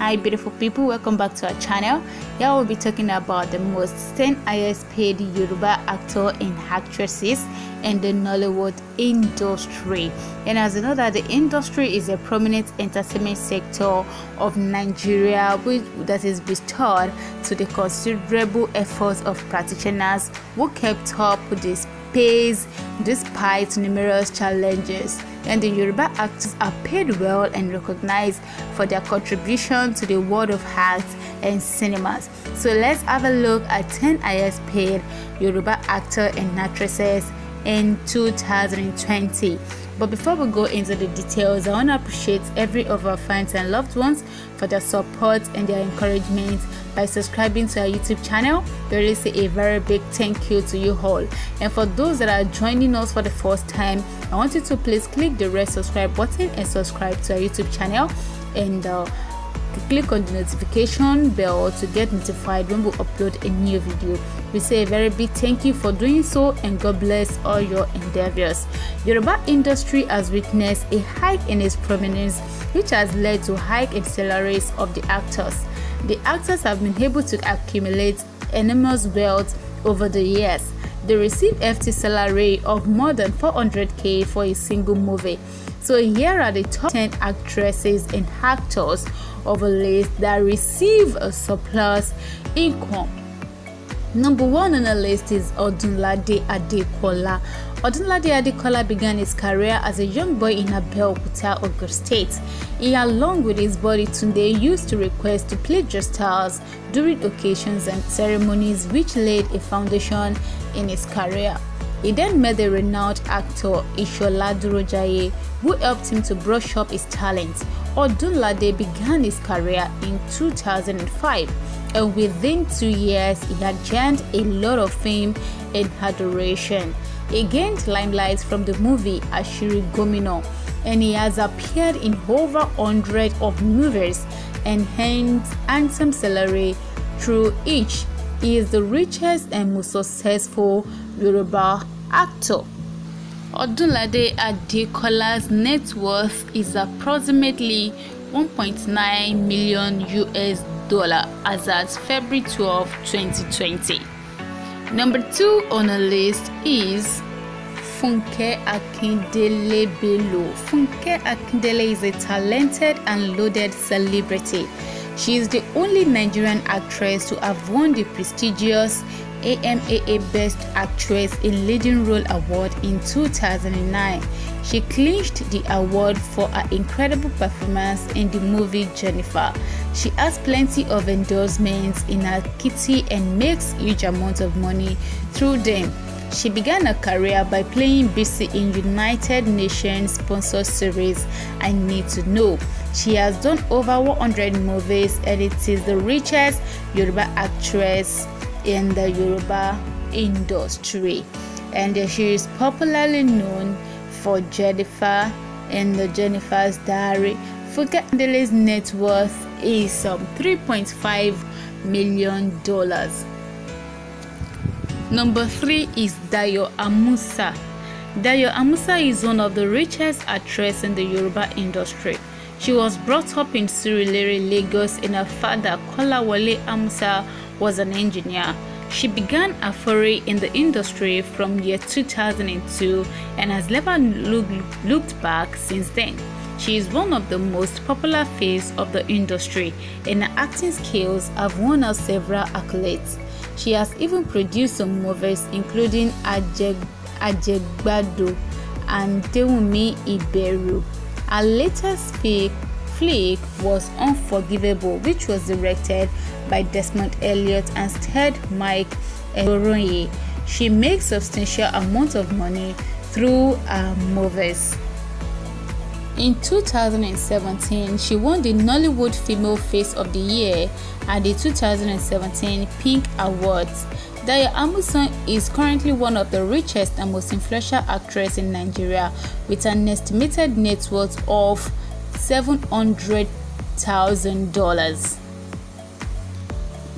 hi beautiful people welcome back to our channel here we'll be talking about the most 10 highest paid yoruba actor and actresses in the nollywood industry and as you know that the industry is a prominent entertainment sector of nigeria which that is bestowed to the considerable efforts of practitioners who kept up with this pays despite numerous challenges and the Yoruba actors are paid well and recognized for their contribution to the world of arts and cinemas. So let's have a look at 10 highest paid Yoruba actor and actresses in 2020. But before we go into the details, I want to appreciate every of our fans and loved ones for their support and their encouragement by subscribing to our YouTube channel. We a very big thank you to you all. And for those that are joining us for the first time, I want you to please click the red subscribe button and subscribe to our YouTube channel. And uh, click on the notification bell to get notified when we upload a new video we say a very big thank you for doing so and god bless all your endeavors yoruba industry has witnessed a hike in its prominence which has led to hike in salaries of the actors the actors have been able to accumulate enormous wealth over the years they receive FT salary of more than 400k for a single movie. So here are the top 10 actresses and actors of a list that receive a surplus income. Number one on the list is Odunlade Adekola Odunlade Adekola began his career as a young boy in Abeokuta, Ogun State. He, along with his body Tunde, used to request to play just stars during occasions and ceremonies, which laid a foundation in his career. He then met the renowned actor Ishola Durojaye, who helped him to brush up his talents. Odunlade began his career in 2005, and within two years, he had gained a lot of fame and adoration. He gained limelight from the movie Ashiri Gomino, and he has appeared in over 100 of movies and earned handsome salary through each. He is the richest and most successful Yoruba actor. Odunlade Adekola's net worth is approximately 1.9 million US dollar as at February 12, 2020. Number two on the list is Funke Akindele Bello. Funke Akindele is a talented and loaded celebrity. She is the only Nigerian actress to have won the prestigious AMAA Best Actress in Leading Role Award in 2009. She clinched the award for her incredible performance in the movie Jennifer. She has plenty of endorsements in her kitty and makes huge amounts of money through them. She began her career by playing BC in United Nations sponsored series I Need to Know. She has done over 100 movies and it is the richest Yoruba actress in the Yoruba industry. And she is popularly known for Jennifer in the Jennifer's Diary. Fugandele's net worth is some 3.5 million dollars. Number three is Dayo Amusa. Dayo Amusa is one of the richest actresses in the Yoruba industry. She was brought up in Surulere, Lagos, and her father, Kolawole Amusa, was an engineer. She began her foray in the industry from year 2002 and has never look, looked back since then. She is one of the most popular faces of the industry, and her acting skills have won her several accolades. She has even produced some movies, including Ajegbado and Dewumi Iberu. Her latest flick, flick was Unforgivable, which was directed by Desmond Elliott and starred Mike Oroye. She makes substantial amount of money through her movies. In 2017, she won the Nollywood Female Face of the Year at the 2017 Pink Awards. Daya Amuson is currently one of the richest and most influential actresses in Nigeria with an estimated net worth of $700,000.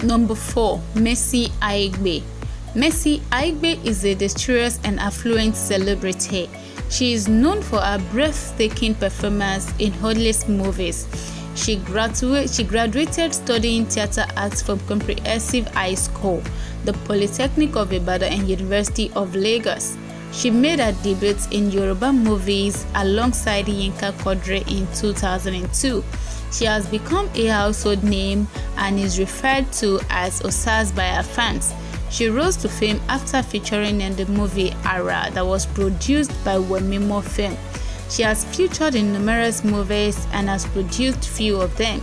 Number 4. Messi Aigbe Messi Aigbe is a distressed and affluent celebrity she is known for her breathtaking performance in Hollywood movies. She, she graduated studying theater arts from Comprehensive High School, the Polytechnic of Ibadan and University of Lagos. She made her debuts in Yoruba movies alongside Yinka Kodre in 2002. She has become a household name and is referred to as Osas by her fans. She rose to fame after featuring in the movie Ara that was produced by Wemimo Film. She has featured in numerous movies and has produced few of them.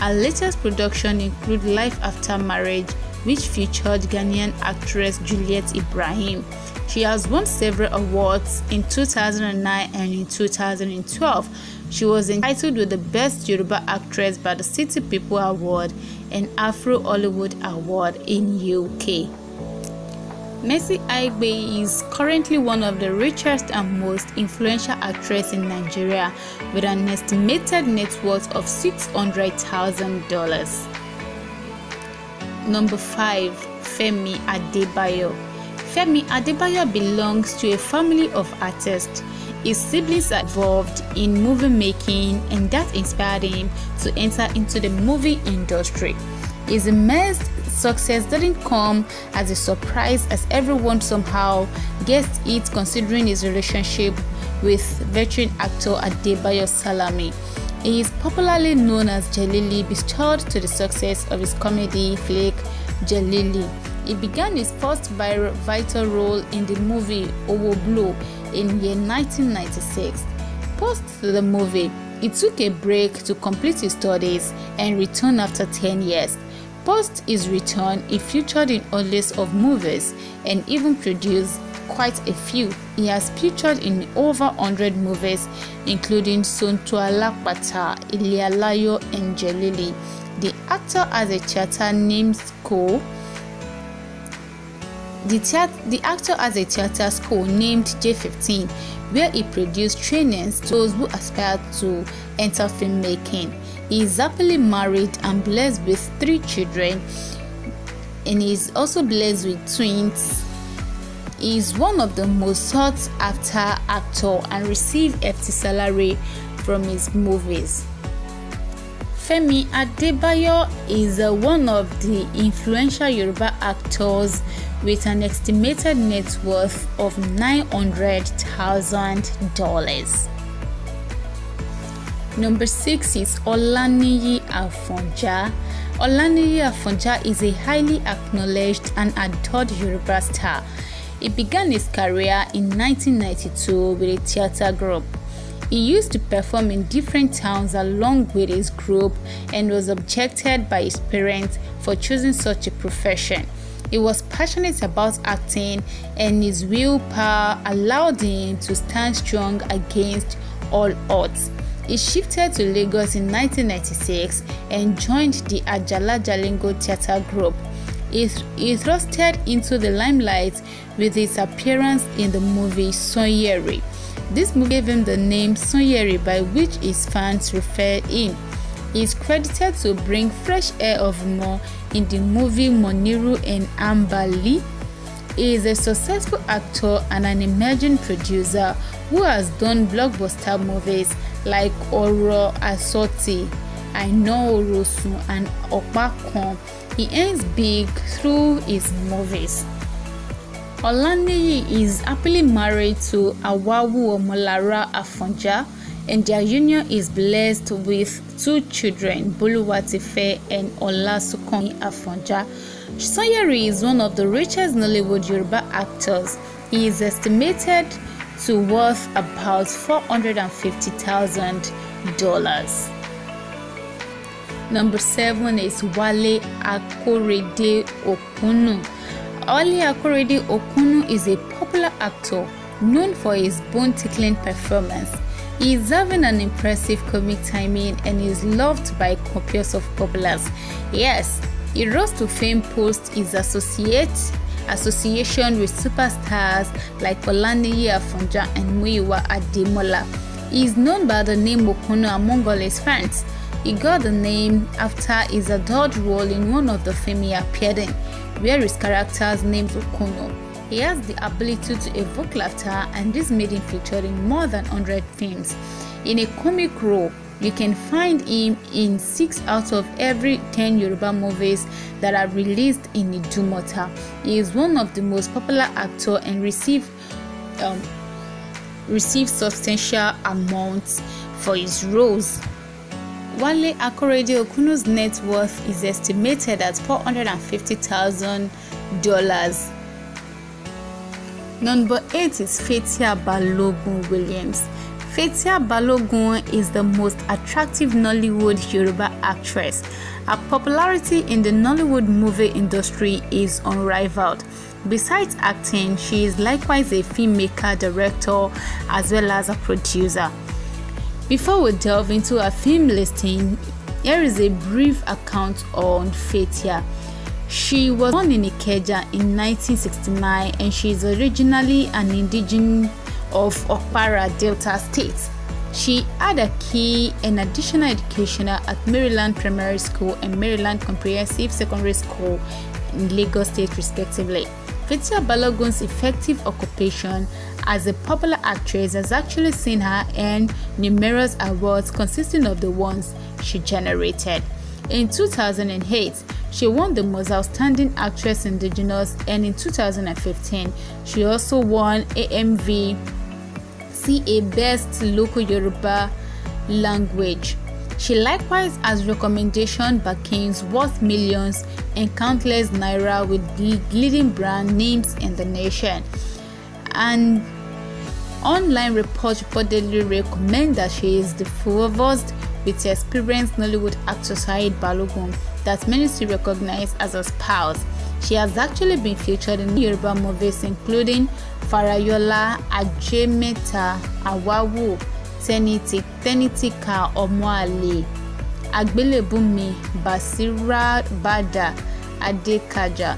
Her latest production include Life After Marriage, which featured Ghanaian actress Juliet Ibrahim. She has won several awards in 2009 and in 2012. She was entitled with the Best Yoruba Actress by the City People Award and Afro Hollywood Award in UK. Mercy Aigbe is currently one of the richest and most influential actresses in Nigeria with an estimated net worth of $600,000. Number 5. Femi Adebayo Femi Adebayo belongs to a family of artists. His siblings are involved in movie making and that inspired him to enter into the movie industry. He's immersed success didn't come as a surprise as everyone somehow guessed it considering his relationship with veteran actor Adebayo Salami. He is popularly known as Jalili, bestowed to the success of his comedy flick Jalili. He began his first vital role in the movie Owo Blue in year 1996. Post the movie, he took a break to complete his studies and returned after 10 years. Post is return, he featured in a list of movies and even produced quite a few. He has featured in over 100 movies, including Sontualapata, Ilialayo, and Jelili. The actor has a theater named School. The, the actor has a theater school named J15, where he produced trainings to those who aspire to enter filmmaking. He is happily married and blessed with three children, and he is also blessed with twins. He is one of the most sought after actor and received hefty salary from his movies. Femi Adebayo is uh, one of the influential Yoruba actors with an estimated net worth of $900,000. Number six is Olaniyi Afonja. Olaniyi Afonja is a highly acknowledged and adored Yoruba star. He began his career in 1992 with a theatre group. He used to perform in different towns along with his group and was objected by his parents for choosing such a profession. He was passionate about acting, and his willpower allowed him to stand strong against all odds. He shifted to Lagos in 1996 and joined the Ajala Jalingo Theatre Group. He, th- he thrusted into the limelight with his appearance in the movie Sonyeri. This movie gave him the name Sonyeri by which his fans refer him. He is credited to bring fresh air of mo in the movie Moniru and Lee He is a successful actor and an emerging producer who has done blockbuster movies like Oro Asoti, I Know Orosun, and Opakan. He earns big through his movies. Olaniyi is happily married to Awawu Omolara Afonja, and their union is blessed with two children, Boluwatife and Olasukanmi Afonja. Sanyeri is one of the richest Nollywood Yoruba actors. He is estimated to worth about $450,000. Number seven is Wale Akorede Okunu. Wale Akorede Okunu is a popular actor known for his bone tickling performance. He is having an impressive comic timing and is loved by copious of populace. Yes, a Rose to Fame post is associate association with superstars like Olaneye Afonja and Muyiwa Ademola. He is known by the name Okono among all his fans. He got the name after his adult role in one of the films he appeared in, where his character's name is Okono. He has the ability to evoke laughter and this made him featured in more than 100 films. In a comic role, you can find him in 6 out of every 10 Yoruba movies that are released in Idumota. He is one of the most popular actors and received um, substantial amounts for his roles. Wale Akorede Okuno's net worth is estimated at $450,000. Number 8 is Fetia Balogun Williams. Fetia Balogun is the most attractive Nollywood Yoruba actress. Her popularity in the Nollywood movie industry is unrivaled. Besides acting, she is likewise a filmmaker, director, as well as a producer. Before we delve into her film listing, here is a brief account on Fetia. She was born in Ikeja in 1969 and she is originally an indigenous of Okpara Delta State. She had a key and additional educational at Maryland Primary School and Maryland Comprehensive Secondary School in Lagos State, respectively. Victoria Balogun's effective occupation as a popular actress has actually seen her earn numerous awards consisting of the ones she generated. In 2008, she won the most outstanding actress indigenous and in 2015, she also won AMV see a best local Yoruba language. She likewise has recommendation backings worth millions and countless naira with leading brand names in the nation. And online reports reportedly recommend that she is the foremost with experienced Nollywood actor Saeed Balogun that many still recognize as a spouse. She has actually been featured in Yoruba movies including Farayola Ajemeta Awawu, Tẹniti Tẹnitika Omoale, Àlè, Basira Bada Adekaja.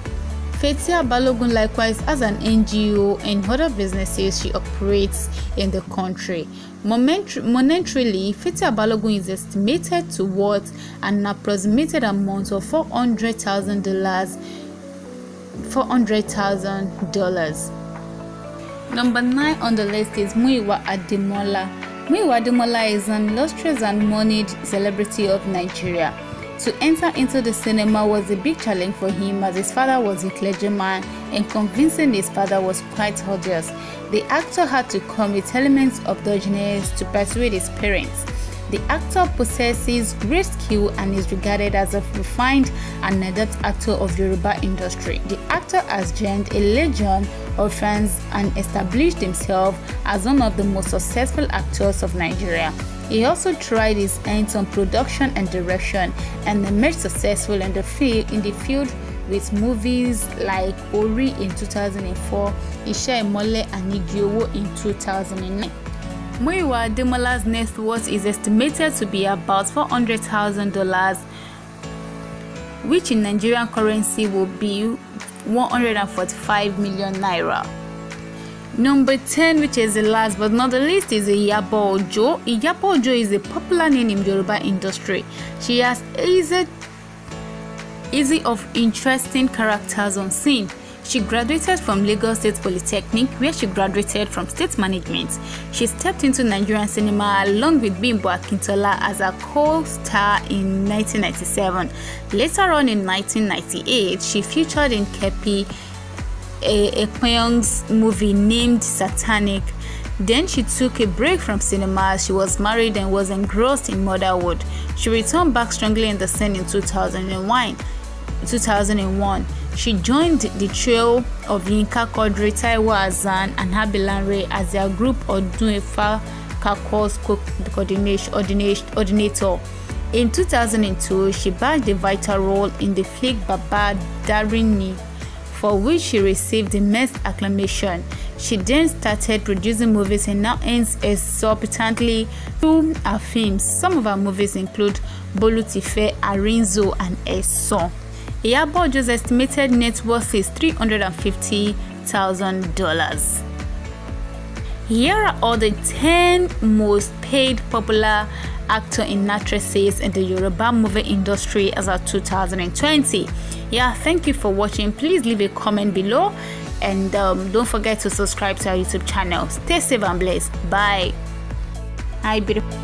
Fatia Balogun likewise has an NGO and other businesses she operates in the country. Monetarily, Fatia Balogun is estimated to worth an approximated amount of $400,000 $400,000. Number 9 on the list is Muiwa Ademola. Muiwa Ademola is an illustrious and moneyed celebrity of Nigeria. To enter into the cinema was a big challenge for him as his father was a clergyman and convincing his father was quite odious. The actor had to come with elements of dodginess to persuade his parents. The actor possesses great skill and is regarded as a refined and adept actor of the Yoruba industry. The actor has gained a legion of fans and established himself as one of the most successful actors of Nigeria. He also tried his hands on production and direction and emerged successful in the field, in the field with movies like Ori in 2004, Isha Emole and Igiowo in 2009. Muiwa Demola's net worth is estimated to be about $400,000, which in Nigerian currency will be 145 million naira. Number 10, which is the last but not the least, is Iyabo Ojo. Iyabo Ojo is a popular name in Yoruba industry. She has easy, easy of interesting characters on scene. She graduated from Lagos State Polytechnic, where she graduated from State Management. She stepped into Nigerian cinema along with Bimbo Akintola as a co-star in 1997. Later on in 1998, she featured in Kepi Ekpeong's movie named Satanic. Then she took a break from cinema. She was married and was engrossed in motherhood. She returned back strongly in the scene in 2001. 2001. She joined the trio of Yinka Kodri, Taiwo Azan, and Habilanre as their group Odunefa Kakos coordinator. In 2002, she bagged a vital role in the flick Baba Darini, for which she received immense acclamation. She then started producing movies and now earns exorbitantly through her films. Some of her movies include Bolutife, Arinzo, and Eson. Iyabojo's estimated net worth is $350,000. Here are all the 10 most paid popular actor and actresses in the Yoruba movie industry as of 2020. Yeah, thank you for watching. Please leave a comment below and um, don't forget to subscribe to our YouTube channel. Stay safe and blessed. Bye. I beautiful.